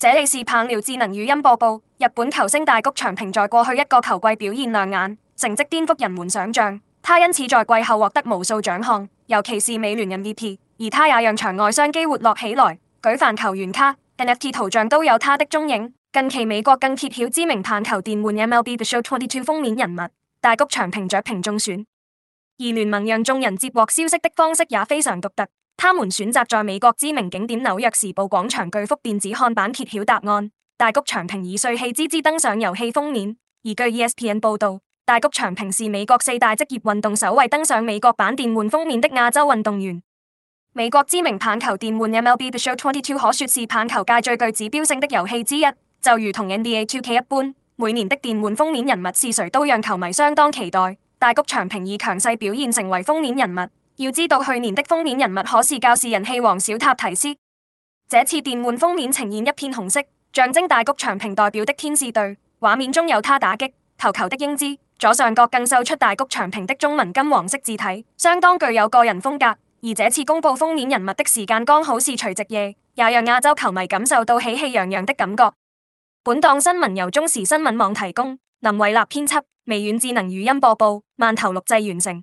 這裏是棒聊智能語音播報。日本球星大谷翔平在過去一個球季表現亮眼，成績顛覆人們想象，他因此在季後獲得無數獎項，尤其是美聯 MVP。而他也讓場外商機活絡起來，舉凡球員卡、NFT 圖像都有他的蹤影。近期美國更揭曉知名棒球電玩 MLB The Show 22封面人物，大谷翔平雀屏中選。而聯盟讓眾人接獲消息的方式也非常獨特。他們選擇在美國知名景點紐約時報廣場巨幅電子看板揭曉答案。大谷翔平以帥氣之姿登上遊戲封面。而據 ESPN 報道，大谷翔平是美國四大職業運動首位登上美國版電玩封面的亞洲運動員。美國知名棒球電玩 MLB The Show 22可說是棒球界最具指標性的遊戲之一。就如同 NBA 2K 一般，每年的電玩封面人物是誰都讓球迷相當期待。大谷翔平以強勢表現成為封面人物。要知道去年的封面人物可是教士人氣王小塔提斯，這次電玩封面呈現一片紅色，象徵大谷翔平代表的天使隊。畫面中有他打擊投球的英姿，左上角更秀出大谷翔平的中文金黃色字體，相當具有個人風格。而這次公布封面人物的時間剛好是除夕夜，也讓亞洲球迷感受到喜氣洋洋的感覺。本檔新聞由中時新聞網提供，林偉立編輯，微軟智能語音播報，慢頭錄製完成。